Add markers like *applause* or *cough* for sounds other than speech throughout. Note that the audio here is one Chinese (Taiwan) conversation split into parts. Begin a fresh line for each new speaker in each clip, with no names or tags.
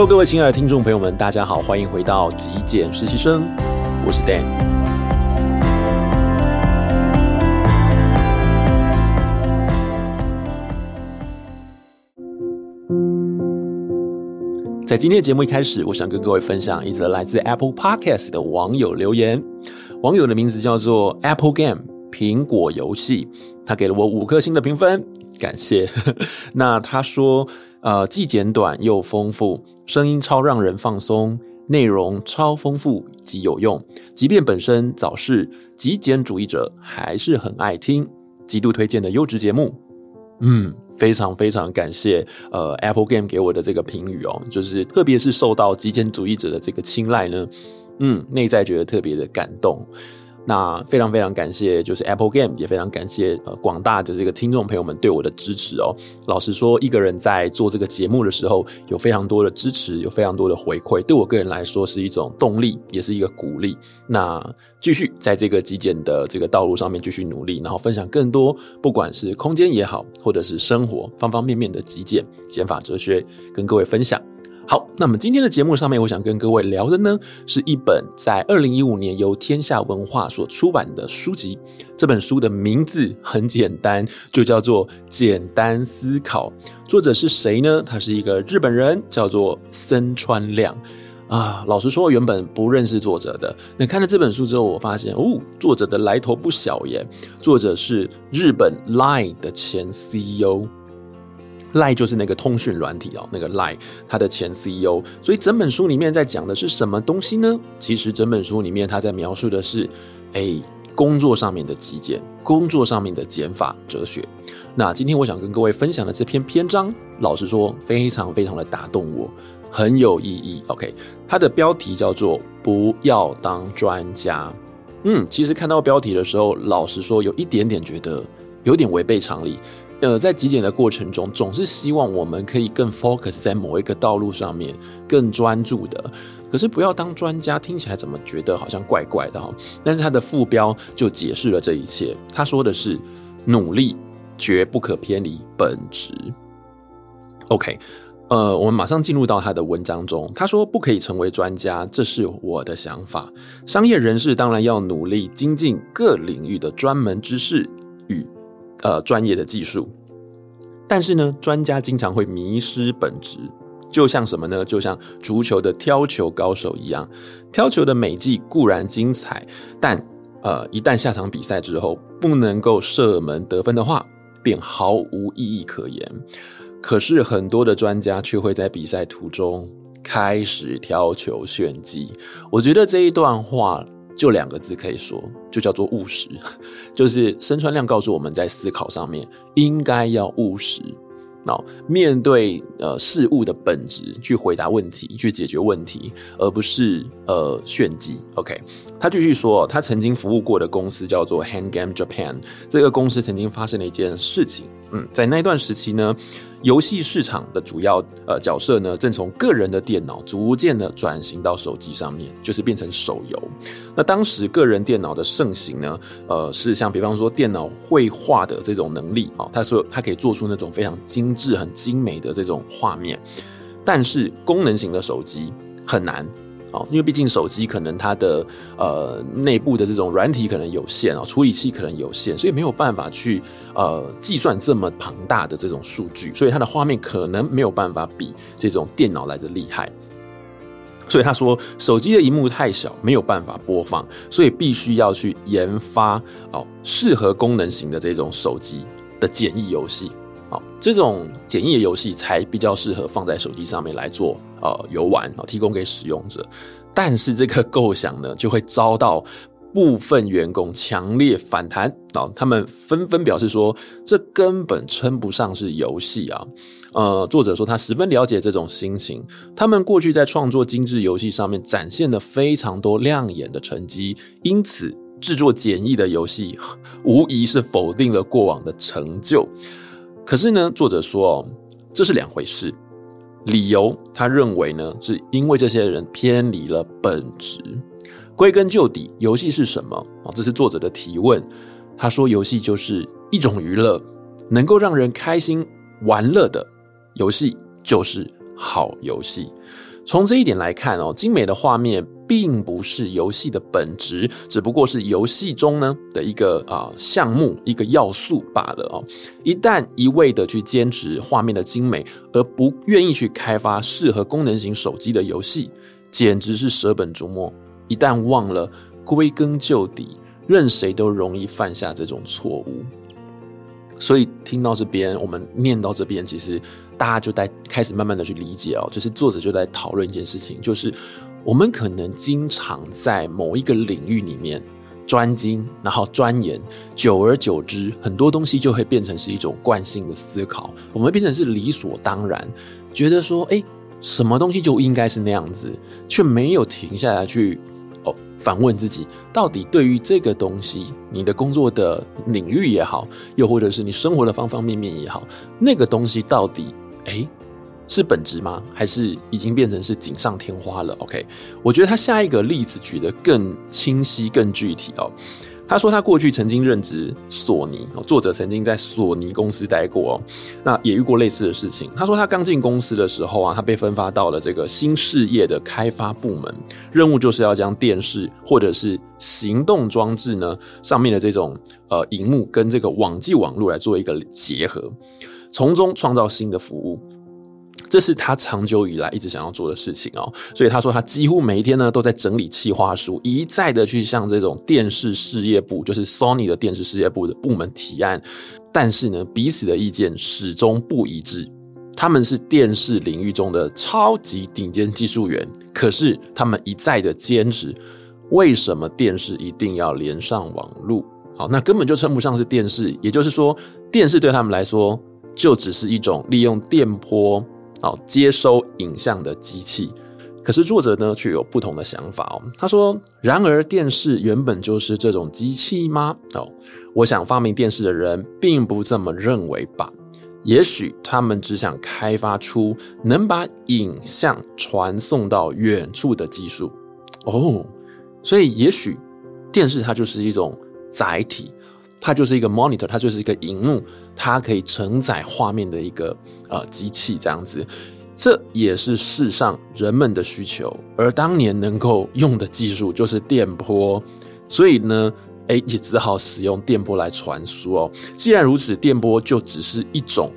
Hello，各位親愛的聽眾朋友們，大家好，歡迎回到極簡實習生，我是 Dan。在今天的節目一開始，我想跟各位分享一則來自 Apple Podcast 的網友留言。網友的名字叫做 Apple Game 蘋果遊戲，他給了我五顆星的評分，感謝。 *laughs* 那他說。呃，既簡短又豐富，聲音超讓人放鬆，內容超豐富及有用。即便本身早是極簡主義者，還是很愛聽，極度推薦的優質節目。嗯，非常非常感謝呃 Apple Game 給我的這個評語哦，就是特別是受到極簡主義者的這個青睞呢，嗯，內在覺得特別的感動。那非常非常感謝，就是 Apple Game，也非常感謝呃廣大的這個聽眾朋友們對我的支持哦。老實說，一個人在做這個節目的時候，有非常多的支持，有非常多的回饋，對我個人來說是一種動力，也是一個鼓勵。那繼續在這個極簡的這個道路上面繼續努力，然後分享更多，不管是空間也好，或者是生活方方面面的極簡減法哲學，跟各位分享。好，那麼今天的節目上面，我想跟各位聊的呢，是一本在二零一五年由天下文化所出版的書籍。這本書的名字很簡單，就叫做《簡單思考》。作者是誰呢？他是一個日本人，叫做森川亮。啊，老實說，原本不認識作者的。那看了這本書之後，我發現，哦，作者的來頭不小耶。作者是日本 LINE 的前 CEO。LINE 就是那個通訊軟體哦、喔，那個 LINE 他的前 CEO。所以整本書裡面在講的是什麼東西呢？其實整本書裡面他在描述的是，哎、欸，工作上面的極簡，工作上面的減法哲學。那今天我想跟各位分享的這篇篇章，老實說非常非常的打動我，很有意義。OK，它的標題叫做“不要當專家”。嗯，其實看到標題的時候，老實說有一點點覺得有點違背常理。呃，在極簡的過程中，總是希望我們可以更 focus 在某一個道路上面，更專注的。可是不要當專家，聽起來怎麼覺得好像怪怪的哈？但是他的副標就解釋了這一切，他說的是努力絕不可偏離本質。OK，呃，我們馬上進入到他的文章中。他說不可以成為專家，這是我的想法。商業人士當然要努力精進各領域的專門知識。呃，專業的技術，但是呢，專家經常會迷失本質，就像什麼呢？就像足球的挑球高手一樣，挑球的美技固然精彩，但呃，一旦下場比賽之後不能夠射門得分的話，便毫無意義可言。可是很多的專家卻會在比賽途中開始挑球炫技，我覺得這一段話。就兩個字可以說，就叫做務實。就是森川亮告訴我們在思考上面應該要務實，那面對呃事物的本質去回答問題、去解決問題，而不是呃炫技。OK，他繼續說，他曾經服務過的公司叫做 Hangame Japan，這個公司曾經發生了一件事情。嗯，在那一段時期呢，遊戲市場的主要呃角色呢，正從個人的電腦逐漸的轉型到手機上面，就是變成手遊。那當時個人電腦的盛行呢，呃，是像比方說電腦繪畫的這種能力啊，他、哦、說他可以做出那種非常精致、很精美的這種畫面，但是功能型的手機很難。啊、哦，因為畢竟手機可能它的呃內部的這種軟體可能有限啊、哦，處理器可能有限，所以沒有辦法去呃計算這麼龐大的這種數據，所以它的畫面可能沒有辦法比這種電腦來的厲害。所以他說，手機的螢幕太小，沒有辦法播放，所以必須要去研發哦適合功能型的這種手機的簡易遊戲。好、哦，這種簡易的遊戲才比較適合放在手機上面來做。呃，遊玩、呃、提供給使用者，但是這個構想呢，就會遭到部分員工強烈反彈啊、呃，他們紛紛表示說，這根本稱不上是遊戲啊。呃，作者說他十分了解這種心情，他們過去在創作精致遊戲上面展現了非常多亮眼的成績，因此制作簡易的遊戲，無疑是否定了過往的成就。可是呢，作者說哦，這是兩回事。理由，他認為呢，是因為這些人偏離了本質。歸根究底，遊戲是什麼啊？這是作者的提問。他說，遊戲就是一種娛樂，能夠讓人開心、玩樂的遊戲就是好遊戲。從這一點來看哦，精美的畫面並不是遊戲的本質，只不過是遊戲中呢的一個啊項目、一個要素罷了哦。一旦一味的去堅持畫面的精美，而不願意去開發適合功能型手機的遊戲，簡直是捨本逐末。一旦忘了歸根究底，任誰都容易犯下這種錯誤。所以聽到這邊，我們念到這邊，其實。大家就在開始慢慢的去理解哦、喔，就是作者就在討論一件事情，就是我們可能經常在某一個領域裡面專精，然後鑽研，久而久之，很多東西就會變成是一種慣性的思考，我們變成是理所當然，覺得說，哎、欸，什麼東西就應該是那樣子，卻沒有停下來去哦、喔，反問自己，到底對於這個東西，你的工作的領域也好，又或者是你生活的方方面面也好，那個東西到底。哎、欸，是本質嗎？還是已經變成是錦上添花了？OK，我覺得他下一個例子舉得更清晰、更具體哦。他說他過去曾經任職索尼，作者曾經在索尼公司待過哦，那也遇過類似的事情。他說他剛進公司的時候啊，他被分發到了這個新事業的開發部門，任務就是要將電視或者是行動裝置呢上面的這種呃熒幕跟這個網際網路來做一個結合。從中創造新的服務，這是他長久以來一直想要做的事情哦。所以他說，他幾乎每一天呢都在整理企劃書，一再的去向這種電視事業部，就是 Sony 的電視事業部的部門提案。但是呢，彼此的意見始終不一致。他們是電視領域中的超級頂尖技術員，可是他們一再的堅持，為什麼電視一定要連上網絡？好，那根本就稱不上是電視。也就是說，電視對他們來說，就只是一種利用電波哦接收影像的機器，可是作者呢卻有不同的想法哦。他說：“然而電視原本就是這種機器嗎？哦，我想發明電視的人並不這麼認為吧。也許他們只想開發出能把影像傳送到遠處的技術。哦，所以也許電視它就是一種載體。”它就是一個 monitor，它就是一個熒幕，它可以承載畫面的一個呃機器這樣子，這也是世上人們的需求。而當年能夠用的技術就是電波，所以呢，哎、欸，也只好使用電波來傳輸哦。既然如此，電波就只是一種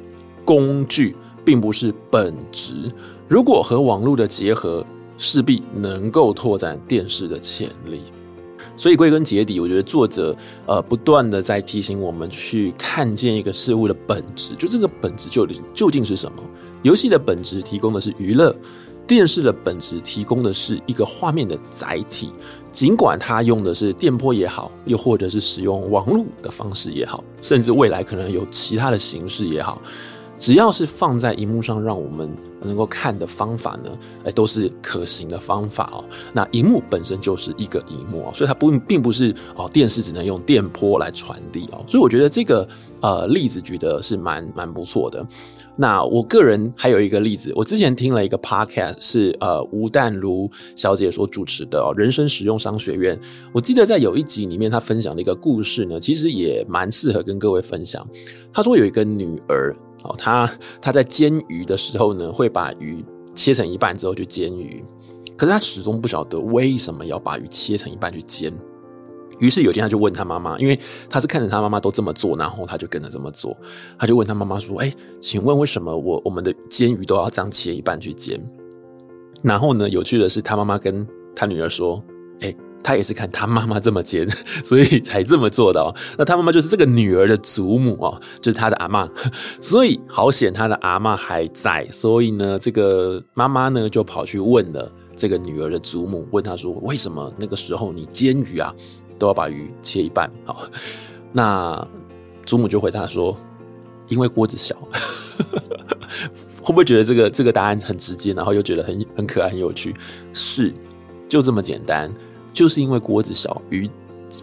工具，並不是本質。如果和網絡的結合，勢必能夠拓展電視的潛力。所以歸根結底，我覺得作者呃不斷地在提醒我們去看見一個事物的本質，就這個本質究竟究竟是什麼？遊戲的本質提供的是娛樂，電視的本質提供的是一個畫面的載體，儘管它用的是電波也好，又或者是使用網絡的方式也好，甚至未來可能有其他的形式也好，只要是放在熒幕上讓我們能夠看的方法呢，欸，都是可行的方法哦。那熒幕本身就是一個熒幕哦，所以它不並不是哦電視只能用電波來傳遞哦。所以我覺得這個呃例子舉得是蠻蠻不錯的。那我個人還有一個例子，我之前聽了一個 podcast 是呃吳淡如小姐所主持的哦，人生實用商學院。我記得在有一集裡面，她分享的一個故事呢，其實也蠻適合跟各位分享。她說有一個女兒。哦，他他在煎魚的時候呢，會把魚切成一半之後去煎魚，可是他始終不曉得為什麼要把魚切成一半去煎。於是有一天，他就問他媽媽，因為他是看着他媽媽都這麼做，然後他就跟着這麼做，他就問他媽媽說：“哎，請問為什麼我我們的煎魚都要這樣切一半去煎？”然後呢，有趣的是，他媽媽跟他女兒說：“哎。”他也是看他媽媽這麼煎，所以才這麼做的哦。那他媽媽就是這個女兒的祖母哦，就是他的阿嬤，所以好險他的阿嬤還在。所以呢，這個媽媽呢就跑去問了這個女兒的祖母，問她說：“為什麼那個時候你煎魚啊，都要把魚切一半？”好，那祖母就回答說：“因為鍋子小。 *laughs* ”會不會覺得這個這個答案很直接，然後又覺得很很可愛、很有趣？是，就這麼簡單。就是因為鍋子小，魚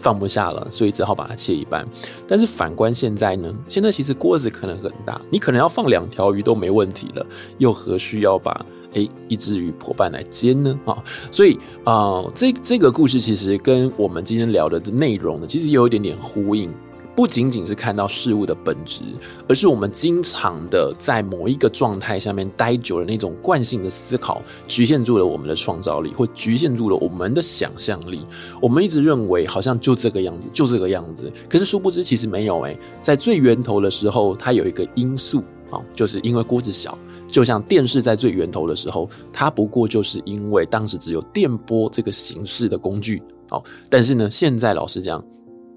放不下了，所以只好把它切一半。但是反觀現在呢？現在其實鍋子可能很大，你可能要放兩條魚都沒問題了，又何須要把誒、欸、一隻魚剖半來煎呢？啊、哦，所以啊、呃，這這個故事其實跟我們今天聊的內容呢，其實有一點點呼應。不僅僅是看到事物的本質，而是我們經常的在某一個狀態下面待久了，那種慣性的思考，局限住了我們的創造力，或局限住了我們的想象力。我們一直認為好像就這個樣子，就這個樣子。可是殊不知，其實沒有誒、欸，在最源頭的時候，它有一個因素啊、哦，就是因為鍋子小。就像電視在最源頭的時候，它不過就是因為當時只有電波這個形式的工具。好、哦，但是呢，現在老實講。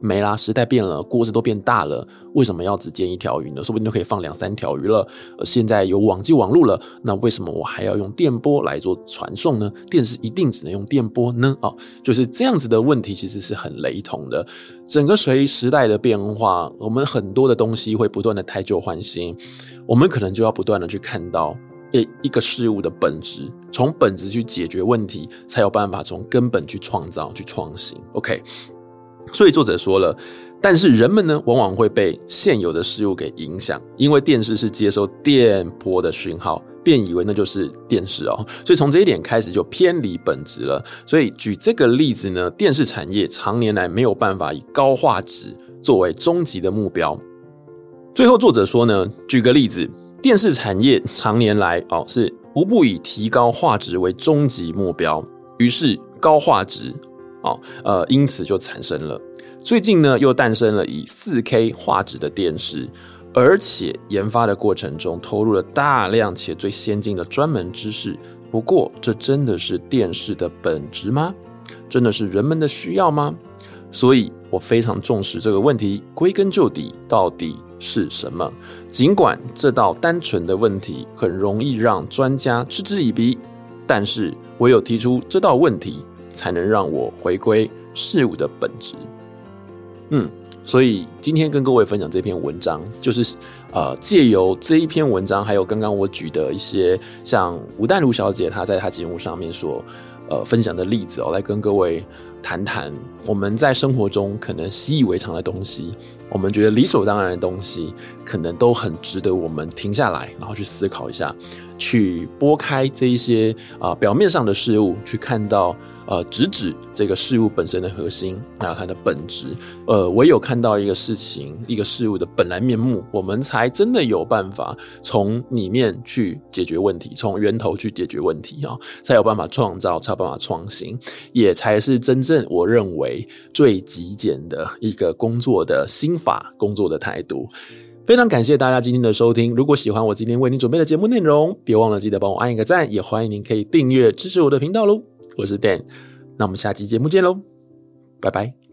沒啦，時代變了，鍋子都變大了，為什麼要只煎一條魚呢？說不定就可以放兩三條魚了、呃。現在有網際網路了，那為什麼我還要用電波來做傳送呢？電視一定只能用電波呢？啊、哦，就是這樣子的問題，其實是很雷同的。整個隨時代的變化，我們很多的東西會不斷的汰舊換新，我們可能就要不斷的去看到一一個事物的本質，從本質去解決問題，才有辦法從根本去創造去創新。OK。所以作者說了，但是人們呢，往往會被現有的事物給影響，因為電視是接收電波的訊號，便以為那就是電視哦。所以從這一點開始就偏離本質了。所以舉這個例子呢，電視產業常年來沒有辦法以高畫質作為終極的目標。最後作者說呢，舉個例子，電視產業常年來哦是無不，不以提高畫質為終極目標，於是高畫質。哦，呃，因此就產生了。最近呢，又誕生了以 4K 畫質的電視，而且研發的過程中投入了大量且最先進的專門知識。不過，這真的是電視的本質嗎？真的是人們的需要嗎？所以我非常重視這個問題。歸根究底，到底是什麼？儘管這道單純的問題很容易讓專家嗤之以鼻，但是唯有提出這道問題。才能讓我回歸事物的本質。嗯，所以。今天跟各位分享這篇文章，就是呃，借由這一篇文章，還有剛剛我舉的一些像吳淡如小姐她在她節目上面所呃分享的例子哦，來跟各位談談我們在生活中可能習以為常的東西，我們覺得理所當然的東西，可能都很值得我們停下來，然後去思考一下，去撥開這一些啊、呃、表面上的事物，去看到呃直指這個事物本身的核心，還有它的本質。呃，我有看到一個事。事情一個事物的本來面目，我們才真的有辦法從裡面去解決問題，從源頭去解決問題啊，才有辦法創造，才有辦法創新，也才是真正我認為最極簡的一個工作的心法，工作的態度。非常感謝大家今天的收聽，如果喜歡我今天為你準備的節目內容，別忘了記得幫我按一個讚，也歡迎您可以訂閱支持我的頻道嘍。我是 Dan，那我們下期節目見嘍，拜拜。